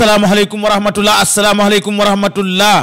asalaamaaleykum wa rahmatullah asalaamaaleykum wa rahmatullah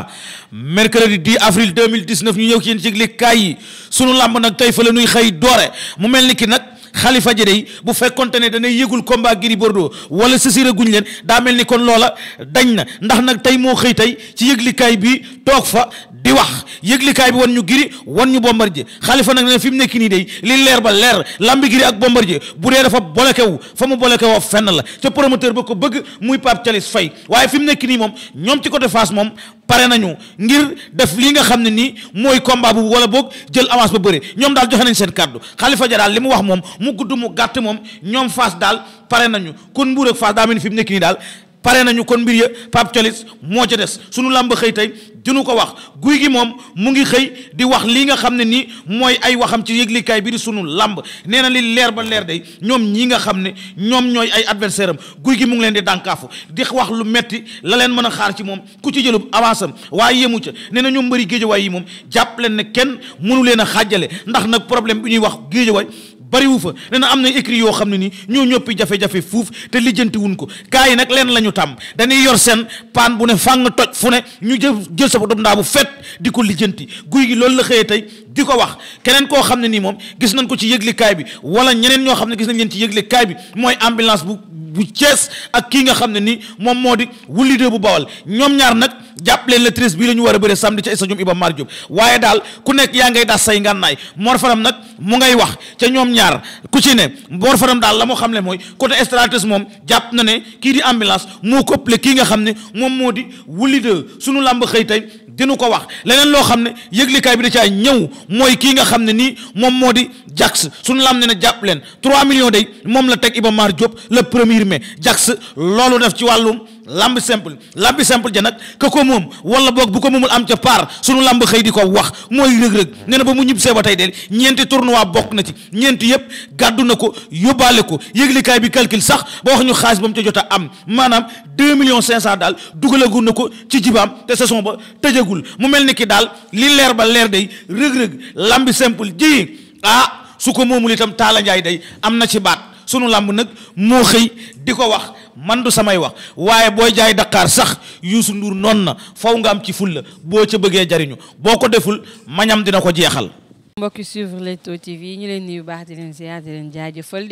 mercredi 10 avril 2019 ñu ñëw ci yéen ci yëgle kaay yi sunu làmb nag tey fa la nuy xëy doore mu mel ni ki nag xalifa ji day bu fekkonte ne danay yëgul combat Gris Bordeaux wala sësira guñ leen daa mel ni kon loola dañ na ndax nag tey moo xëy tey ci yëglikaay bi toog fa di wax yëglikaay bi wan ñu Gris wan ñu Bombardier xalifa nag ne fi mu nekk nii dey li leer ba leer lambi Gris ak Bombardier bu dee dafa bolekewu fa mu bolekewoo fenn la ca promoteur ba ko bëgg muy Pape Thialis Faye waaye fi mu nekk nii moom ñoom ci côté Fass moom pare nañu ngir def li nga xam ne nii mooy combat bu wala boog jël avance ba bëri ñoom daal joxe nañ seen kàddu xalifa ja li mu wax moom mu gudd mu gàtt moom ñoom Fass daal pare nañu kon Mbour ak Fass fi mu nekk nii daal pare nañu kon mbir ya Pape Thialis moo ca des suñu làmb xëy tey dinu ko wax guy gi moom mu ngi xëy di wax lii nga xam ne nii mooy ay waxam ci yëglikaay bi suñu làmb nee na li leer ba leer dey ñoom ñii nga xam ne ñoom ñooy ay adversaire am guy gi mu ngi leen di dànkaafu di wax lu metti la leen mën a xaar ci moom ku ci jëlub avance am waaye yemu ca nee na ñoom mbëri géejawaay yi moom jàpp leen ne kenn mënu leen a xàjjale ndax nag problème bi ñuy wax géejawaay bariwu fa nee na am na écrit yoo xam ne nii ñoo ñoppi jafe-jafe fuuf te lijjanti ko gars yi nag leen la ñu tàmm dañuy yor seen paan bu ne fàng toj fu ne ñu jël jël sa doom ndaa bu fet di ko lijjanti guy gi loolu la xëyee tey di ko wax keneen koo xam ne nii moom gis nañ ko ci yëglikaay bi wala ñeneen ñoo xam ne gis nañ leen ci yëglikaay bi mooy ambulance bu bu Thiès ak kii nga xam ne ni moom moo di Wouly 2 bu Bawal ñoom ñaar nag jàpp leen le treize bii la ñu war a bëre samedi ca stade Iba Mar Diop waaye daal ku nekk yaa ngay das say ngànnaay Mor Faram nag mu ngay wax ca ñoom ñaar ku ci ne Mor Faram daal la moo xam ne mooy côté stratégie moom jàpp na ne kii di ambulance moo këpp le kii nga xam ne moom moo di Wouly 2 sunu làmb xëy tey dinu ko wax leneen loo xam ne yëglikaay bi da caa ñëw mooy kii nga xam ne nii moom moo di Jax suñu lam ne ne jàpp leen 3 millions day moom la teg Iba maar Diop le premier mai Jax loolu def ci wàllum lamb simple lamb simple ja nag ka ko moom wala boog bu ko moomul am ca paar sunu lamb xëy di ko wax mooy rëg-rëg nee na ba mu ñib see ba tey de ñeenti tournoi bokk na ci ñeenti yëpp gàddu na ko yóbbaale ko yëglikaay bi calcul sax ba wax ñu xaalis ba mu ca jot a am maanaam deux millions cinq cent daal dugalagu na ko ci jibaam te saison ba tëjagul mu mel ni ki daal li leer ba leer day rëg-rëg lamb simple ji ah su ko moomul itam taala Ndiaye day am na ci baat sunu làmb nag moo xëy di ko wax man du samay wax waaye booy jaay Dakar sax Youssou nduur noon na faw nga am ci fulla boo ca bëggee jariñu boo ko deful mañam dina ko jeexal mbokk yi suivre Leewtoo TV ñu leen nuyu baax di leen ziar di leen di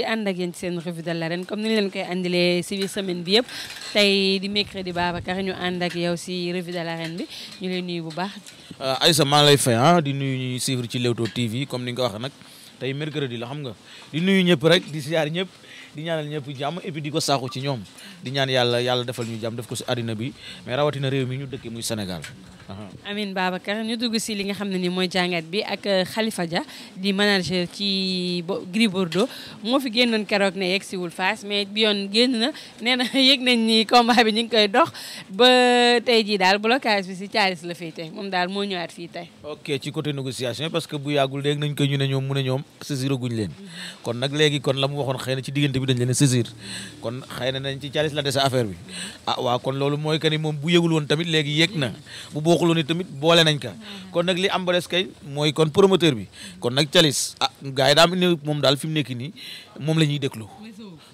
ànd ak yéen seen revue de comme ni leen koy àndilee ci semaine bi yëpp tey di mercredi Babacar ñu ànd ak yow ci revue de bi ñu leen nuyu bu baax. Euh, Aïssa maa lay fay ah, di nuyu ñuy suivre ci Leewtoo TV comme ni nga ko waxee nag. tey mercredi la xam nga di nuyu ñëpp rek di siyaar ñëpp di ñaanal ñëpp jàmm et puis di ko saaxu ci ñoom di ñaan yàlla yàlla defal ñu jàmm def ko si àddina bi mais rawatina réew mi ñu dëkkee muy Sénégal. Uh-huh. amin Babacar ñu dugg si li nga xam ne ni mooy jàngat bi ak euh, Khalifa Dia di manager ci Gris Bordeaux ne na nee na yëg nañ ni combat ñu ngi koy dox ba tey jii daal blocage bi si caalis la fii tey moom daal moo ñëwaat fii tey. ok ci côté négociation parce que bu yàggul dégg nañ ko ñu ne ñoom mu ne ñoom saisiraguñ leen mm-hmm. kon nag léegi kon la mu waxoon xëy na ci diggante bi dañ leen a saisir kon xëy na nañ ci caalis la dese affaire bi ah waaw kon loolu mooy que ni moom bu yëgul woon tamit léegi yëg na bu bokkul woon tamit boole nañ ka kon nag li am ba des kay mooy kon promoteur bi kon nag caalis ah gars yi daa am ne moom daal fi mu nekk nii moom la ñuy déglu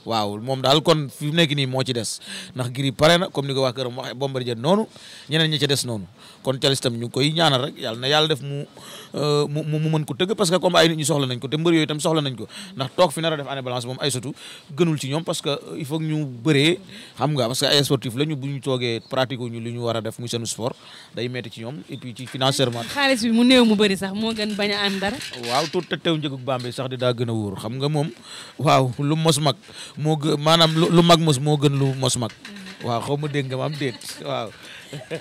waaw moom daal kon fi mu nii moo ci des ndax giri pare na comme ni ko waa këram waxee Bombardier noonu ñeneen ñi ca des noonu kon Thialis ñu koy ñaanal rek yàlla na yàlla def euh, mu mu mu mën ko tëgg parce que comme ay nit ñu soxla nañ ko te mbër yooyu tam soxla nañ ko ndax toog fi nar a def année balance moom ay sotu gënul ci ñoom parce que euh, il faut ñu bëree xam nga parce que ay sportif la bu ñu toogee pratique ñu li ñu war a def muy seen sport day metti ci ñoom et puis ci financièrement. xaalis mu néew mu bëri sax moo gën bañ a am dara. waaw tuut te teew njëgug Bambey sax di daa gën a wóor xam nga moom waaw lu mos mag moo gë maanaam lu mag mos moo gën lu mos mag mm-hmm. waaw xaw ma dégg nga am déet waaw.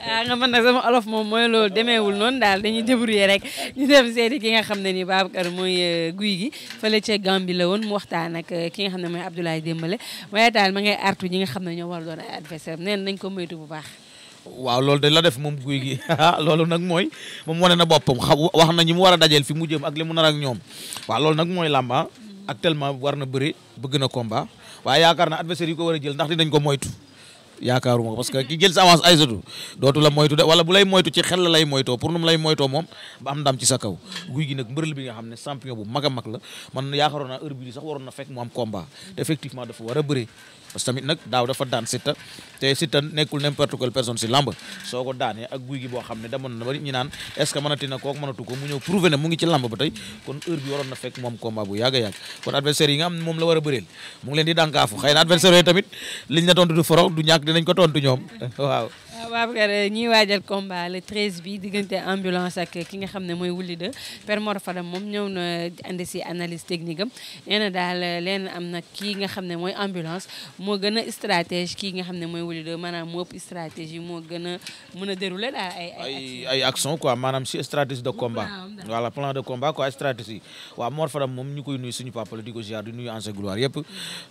ah nga man nag sama olof moom mooy loolu demeewul noonu daal dañuy débrouiller rek ñu dem seeti ki nga xam ne ni Babacar mooy euh, guy gi fële ca Gambie la woon mu waxtaan ak euh, ki nga xam ne mooy Abdoulaye Dembélé waaye daal ma ngay artu ñi nga xam ne ñoo doon ay neen nañ ko moytu bu baax. waaw loolu de la def moom guy gi ah, loolu nag mooy moom wane na boppam wax na ñi mu war a dajeel fi mu jëm ak li mu nar ak ñoom waaw loolu nag mooy lamba ah. mm. actuellement war na bëri bëgg na combat waaye yaakaar na adversaire yi ko war a jël ndax dinañ ko moytu yaakaaruma ko parce que ki jël sa avance Aïssatou dootu la moytu de wala bu lay moytu ci xel la lay moytoo pour nu mu lay moytoo moom ba am ndam ci sa kaw guy gi nag mbërël bi nga xam ne champion bu mag a mag la man yaakaaroon naa heure bii sax waroon na fekk mu am combat effectivement dafa war a bëre parce que tamit nag daaw dafa daan Siteu te Siteu nekkul n'importe quelle personne si lamb soo ko daanee ak guy gi boo xam ne demoon na ba ñu naan est-ce que mënati na kook mënatu ko mu ñëw prouver mu ngi ci lamb ba tey kon heure bi waroon na fekk moom combat bu yàgg a yàgg kon adversaire yi nga moom la war a bëreel mu ngi leen di dànkaafu xëy na adversaire yooyu tamit liñ la tontu du foro du ñàkk dinañ ko tontu ñoom waa ñuy waajal combat le 13 bi diggante ambulance ki nga xam ne mooy Wouly 2 Père Mor Fadam moom ñëw na andi si analyse technique am nee na am na kii nga xam ne mooy ambulance moo gën a stratégie kii nga xam ne mooy Wouly maanaam moo moo gën mën a dérouler daal ay ay ay de combat voilà plan de combat quoi stratégie waaw moom ñu koy nuy suñu papa la di ko ziar di nuyu ancien gloire yëpp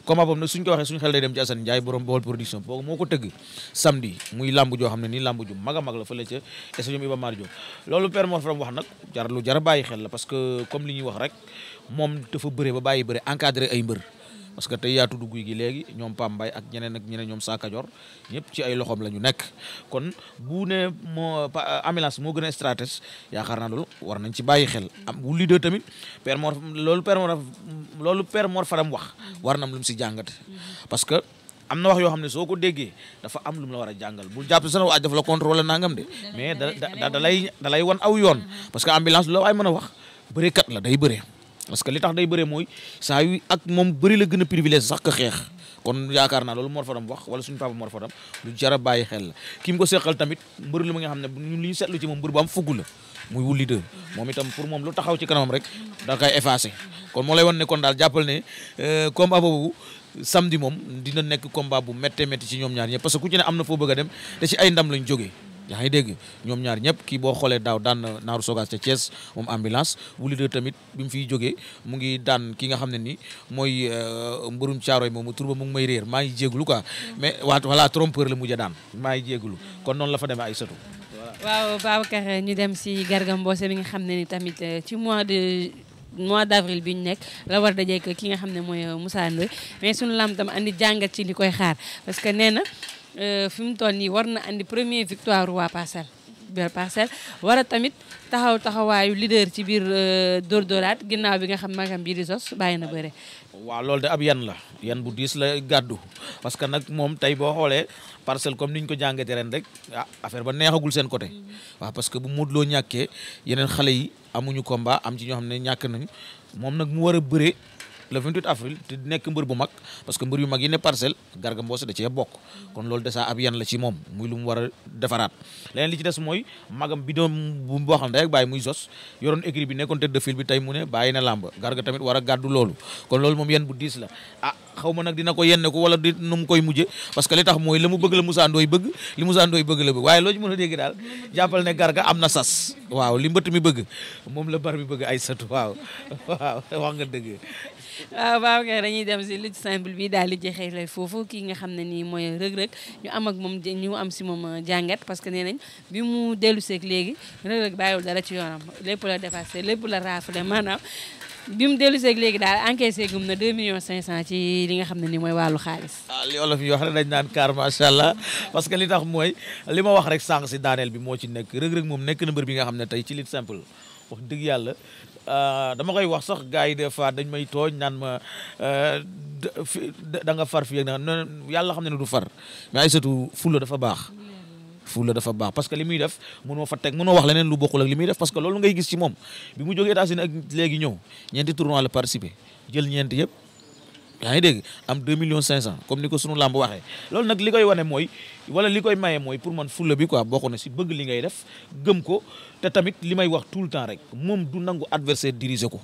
combat suñ ko waxee suñu xel day dem ci Assane Ndiaye borom bool production boobu moo ko tëgg samedi muy lamb yoo xam ne nii làmb ju la fële ca stade Iba Mar Diop loolu Père Mor Fadam wax nag xel la parce que comme li ñuy wax rek moom dafa bëre ba bàyyi bëre encadré ay mbër parce que tey yaa tudd gi léegi ñoom Pambay ak ñeneen ak ñeneen ñoom Sakajor ñëpp ci ay loxoom la ñu nekk kon bu ne moo ambulance moo gën a stratège yaakaar naa loolu war nañ ci bàyyi xel am wu tamit Père Mor loolu Père Mor loolu Père Mor Fadam wax war na lu mu si jàngat parce que am na wax yoo xam ne soo ko déggee dafa am lu mu war a jàngal bul jàpp sana waaj dafa la contrôler nangam de mais da lay da lay wan aw yoon parce que ambulance lu la waay mën a wax bëreekat la day bëree parce que li tax day bëree mooy saa yu ak moom bëri la gën a privilège sax ka xeex kon yaakaar naa loolu Mor Fadam wax wala suñu papa Mor Fadam lu jar a bàyyi xel la ki mu ko seqal tamit mbër la mi nga xam ne ñun ñu seetlu pour moom lu taxaw ci kanamam rek da koy effacé samedi moom dina nekk combat bu méttee métti ci ñoom ñaar ñëpp parce que ku ci ne am na foo bëgg a dem te ci ay ndam lañ jógee yaa ngi dégg ñoom ñaar ñëpp kii boo xoolee daaw daan Naaru Sogas ca Thiès moom ambulance Wouly 2 tamit bi mu fiy jógee mu ngi daan ki nga xam ne ni mooy mbërum caaroy moom turba la mujj a daan maa ngi kon noonu la fa demee ay sëtu waaw Babacar ñu dem si Garga Mbossé bi xam ne ni tamit euh, ci mois mois d' avril bi ñu nekk la war dajeek ki nga xam ne mooy euh, Moussa Ndoye mais sunu lam tam andi jàngat ci li koy xaar parce que nee na euh, fi mu toll nii war na andi premier victoire waa Parcelles biir parcelle war a tamit taxaw taxawaayu leader ci biir euh, dóor dóoraat ginnaaw bi nga xam magam bii di sos bàyyi na bëre. waaw loolu de ab yan la yan bu diis la gàddu parce que nag moom tey boo xoolee parcelle comme ni ñu ko jàngatee ren rek ah affaire ba neexagul seen côté waaw parce que bu Modou Lo ñàkkee yeneen xale yi amuñu komba am ci ñoo xam ne ñàkk nañu moom nag mu war a le 28 te nekk mbër bu mag parce que mbër yu mag yi ne parcelle Garga Mbossé da cee bokk kon loolu de ab yan la ci moom muy lu mu war a defaraat leneen li ci des mooy magam bi doon bu boo xam ne rek muy sos yoroon écrit bi nekkoon tête de file bi tey mu ne bàyyi na làmb Garga tamit war a gàddu loolu kon loolu moom yen bu diis la ah xaw ma nag dina ko yenn ko wala di nu koy mujje parce que li tax mooy la mu bëgg la Moussa Ndoye bëgg li Moussa Ndoye bëgg la bëgg waaye loo ci mën a dégg daal jàppal ne Garga am na sas waaw li mbëtt mi bëgg moom la bar bi bëgg ay satu waaw waaw wax nga dëgg waaw ah, kay dañuy dem si lutte simple bi daal di jeexee lay foofu kii nga xam mooy rëg-rëg ñu am ak moom ñu am si ah, parce que nee nañ bi mu dellu seeg léegi rëg-rëg bàyyiwul dara ci yoonam lépp la dépassé lépp la raafale maanaam bi mu dellu seeg léegi daal encaissé gum na 2 millions 500 ci li nga xam ne nii mooy wàllu xaalis. waaw ah, li olof yi wax ne dañ naan kaar macha allah parce que li tax mooy li ma wax rek sànq si daaneel bi moo ci nekk rëg-rëg moom nekk na mbër bi nga xam ne tey ci lutte simple wax dëgg Euh, dama koy wax sax gars yi de fois dañ may tooñ naan ma euh, da nga far fii ak na yàlla xam ne du far mais ay surtout fulla dafa baax fulla dafa baax parce que li muy def mënoo fa teg mënoo wax leneen lu bokkul ak li muy def parce que loolu ngay gis ci moom bi mu jógee États-Unis ak léegi ñëw ñeenti tournoi la participé jël ñeenti yëpp yaa ngi dégg am deux millions cinq cent comme ni ko sunu làmb waxee loolu nag li koy wane mooy wala li koy maye mooy pour man fulla bi quoi bokk na si bëgg li ngay def gëm ko te tamit li may wax tout le temps rek moom du nangu adversaire diriger ko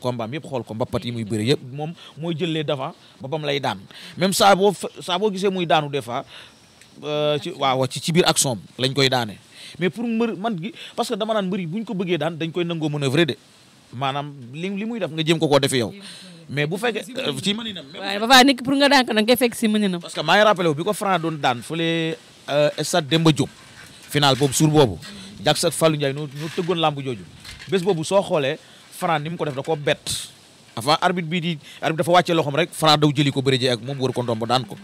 combat yëpp xool ko mbappat yi muy bëre yëpp moom mooy jëlee d'avant ba bam lay daan même saa boo saa gisee muy daanu des fois euh, ci waaw ci ci biir action bi lañ koy daane mais pour mbër man gi parce que dama naan mbër yi bu ko bëggee daan dañ koy nangoo mën a vrai de maanaam li muy def nga jéem ko koo defee yow mais bu fekkee ci mëninam. waaye Papa nit pour nga daan ko da nga fekk si parce que maa ngi bi ko Franc doon daan fële euh, stade Demba Diop. final boobu suur boobu. Jaks ak Fallou Ndiaye ñoo ñoo tëggoon làmb jooju. bés boobu soo xoolee Franc ni mu ko def da koo bett. avant arbitre bii di arbitre dafa wàccee loxoom rek Franc daw jëli ko bëri ji ak moom wër ko ndomb daan ko.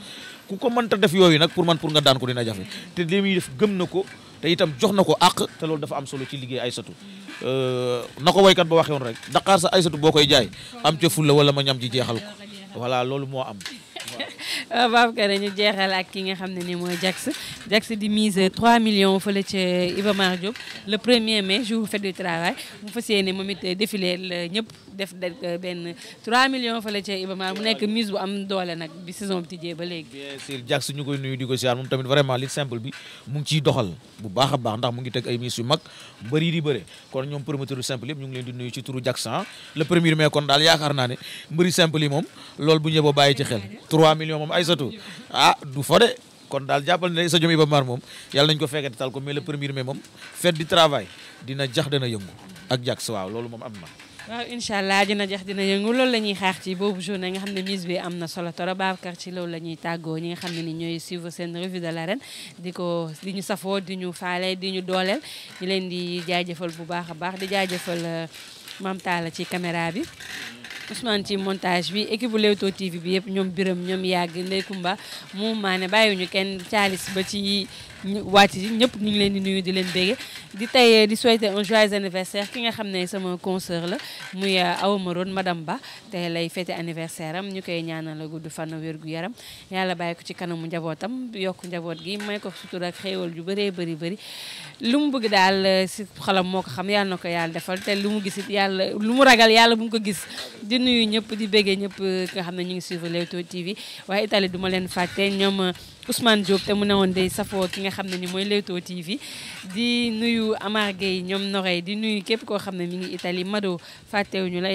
ku ko mënta def yooyu nag pour man pour nga daan ko dina jafe te li muy def na ko. te itam jox na ko àq te loolu dafa am solo ci liggéey Aysatu euh, na ko woykat ba waxee woon rek Dakar sa Aysatu boo koy jaay am ca fulla wala ma ñam ji jeexal ko voilà loolu moo am waaw Babacar ñu jeexal ak ki nga xam ne ni mooy Jax Jax di mise 3 millions fële ca Iba Mar Diop le premier mai jour fête du travail mu fas yéene moom it défilé la ñëpp def benn 3 millions fële mu nekk mise bu am doole nag bi saison bi tijjee ba léegi. bien ñu koy nuyu di ko siyaar moom tamit vraiment li simple bi mu ngi ciy doxal bu baax a baax ndax mu ngi teg ay mise yu mag mbër di bëre kon ñoom promoteur simple yëpp ñu ngi leen di nuyu ci turu Jax ah. le premier mai kon daal yaakaar naa ne 3 millions moom Aïssatou ah du fa de kon daal jàppal ne sa jom Iba Mar moom yàlla nañ ko fekkati tal ko mais le premier mai moom fête du travail dina jax dana yëngu ak jax waaw loolu moom am na. waaw incha allah dina jax dina yëngu loolu la ñuy xaar ci boobu journée nga xam ne mise bi am na solo trop Babacar ci loolu la ñuy tàggoo ñi nga xam ne ni ñooy suivre seen revue de l'arène di ko di ñu safoo di ñu faale di ñu dooleel ñu leen di jaajëfal bu baax a baax di jaajëfal euh, maam Talla ci caméra bi. Ousmane ci montage bi équipe bu Leewtoo TV bi yëpp ñoom biram ñoom Yàgg Ndey Kumba mu maane bàyyiwuñu kenn caalis ba ci wàcc ji ñëpp ñu ngi leen di nuyu di leen bége di tey eh, di souhaiter un joyeux anniversaire ki nga xam ne sama consoeur la muy eh, Awa Marone madame Ba te lay fête anniversaire am ñu koy ñaanal gudd fan wér gu yaram yàlla bàyyi ko ci kanamu njabootam yokk njaboot gi may ko sutura ak xéewal ju bëree bëri bëri lu mu bëgg daal eh, si xalam moo ko xam yàlla na ko yàlla defal te lu mu gis yàlla lu mu ragal yàlla bu mu ko gis di nuyu ñëpp di bége ñëpp nga xam ne ñu ngi suivre Leewtoo TV waaye Italie duma leen fàtte ñoom Ousmane Diop te mu ne woon day safoo ki nga xam ne ni mooy Leewtoo TV di nuyu Amar yi ñoom Norey di nuyu képp koo xam ne mi ngi Italie Mado fàttewuñu la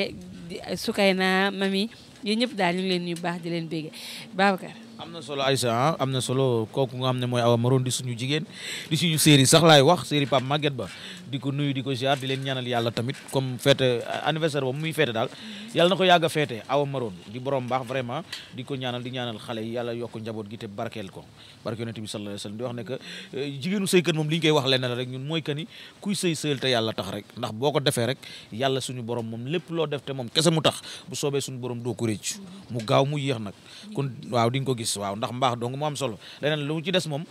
Sukayna Mami yéen ñëpp daal ñu leen nuyu baax di leen bége Babacar. am na solo Aïssa ah, am na solo kooku nga xam ne mooy Awa di suñu jigéen di suñu série sax laay wax série Pape Maguette ba di ko nuyu di ko ziar di leen ñaanal yàlla tamit comme fête euh, anniversaire ba muy fête daal yàlla na ko yàgg a fête Awa Maroon di borom baax vraiment di ko ñaanal di ñaanal xale yàlla yokk njaboot gi te barkeel ko barke yonent bi sallallahu alayhi wasallam di wax ne que euh, jigéenu sëykat moom li koy wax lenn la rek ñun mooy que ni kuy sëy sëyal te yàlla tax rek ndax boo ko defee rek yàlla suñu borom moom lépp loo def te moom kese mu tax soobee suñu borom doo ko récc mu gaaw mu yéex nag waaw ndax mbaax dong mu am solo leneen lu ci des moom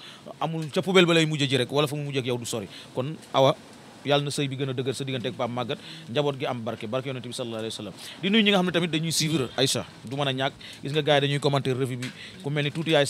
amul ca poubelle ba lay mujj ji rek wala fa mu mujj ak yow du sori kon awa yàlla na sëy bi gën a dëgër sa diggante ak Pape njaboot gi am barke barke yonent bi sallallahu alayhi wa sallam di nuyu ñi nga xam ne tamit dañuy a ñàkk gis nga gars yi dañuy commenter revue bi ku mel ni tuuti yaay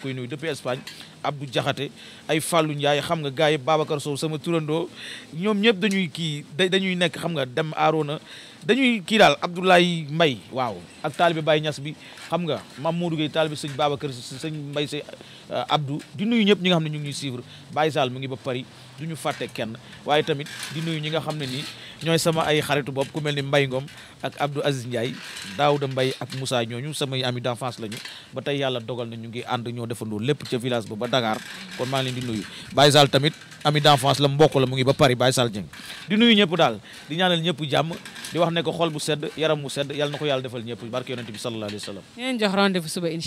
koy nuyu depuis Espagne Abdou Diakhaté ay Fallou Ndiaye xam nga gars yi Babacar Sow sama turandoo ñoom ñëpp dañuy kii dañuy nekk xam nga dem aaroona dañuy kii daal Abdoulaye mbay waaw ak taalibe Baye ñas bi xam nga mam Modou Gueye taalibe sëñ Babacar sëñ Mbaye sëñ euh, Abdou di nuyu ñëpp ñi nga xam ne ñu ngi ñuy suivre saal mu ngi ba pari du ñu fàtte kenn waaye tamit di nuyu ñi nga xam ne nii ñooy sama ay xaritu bopp ku mel ni mbay ngoom ak Abdou Aziz Ndiaye Daouda Mbaye ak Moussa ñooñu samay ami d'enfance lañu ba tey yàlla dogal na ñu ngi ànd ñoo defandoo lépp ca village ba ba Dakar kon maa ngi leen di nuyu Baye tamit ami d'enfance la mbokk la mu ngi ba Paris Baye Sall Dieng di nuyu ñëpp daal di ñaanal ñëpp jàmm di wax ne ko xol bu sedd yaram mu sedd yàlla na ko yàlla defal ñëpp barke yonente bi sallallahu alayhi